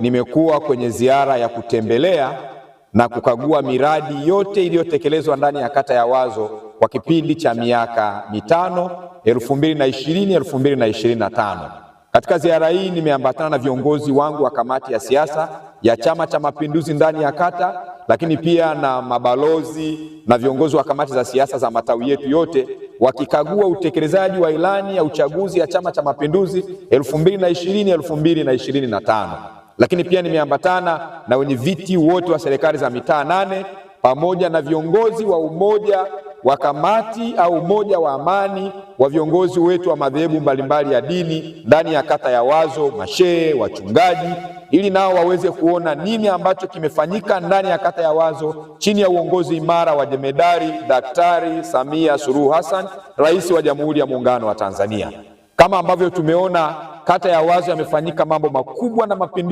Nimekuwa kwenye ziara ya kutembelea na kukagua miradi yote iliyotekelezwa ndani ya kata ya Wazo kwa kipindi cha miaka mitano 2020 2025. Katika ziara hii nimeambatana na viongozi wangu wa kamati ya siasa ya Chama cha Mapinduzi ndani ya kata, lakini pia na mabalozi na viongozi wa kamati za siasa za matawi yetu yote wakikagua utekelezaji wa ilani ya uchaguzi ya Chama cha Mapinduzi 2020 2025. Lakini pia nimeambatana na wenye viti wote wa serikali za mitaa nane pamoja na viongozi wa umoja wa kamati au umoja wa amani wa viongozi wetu wa madhehebu mbalimbali ya dini ndani ya kata ya Wazo, mashehe, wachungaji, ili nao waweze kuona nini ambacho kimefanyika ndani ya kata ya Wazo chini ya uongozi imara wa jemedari Daktari Samia Suluhu Hassan, rais wa Jamhuri ya Muungano wa Tanzania. Kama ambavyo tumeona kata ya Wazo yamefanyika mambo makubwa na mapinduzi.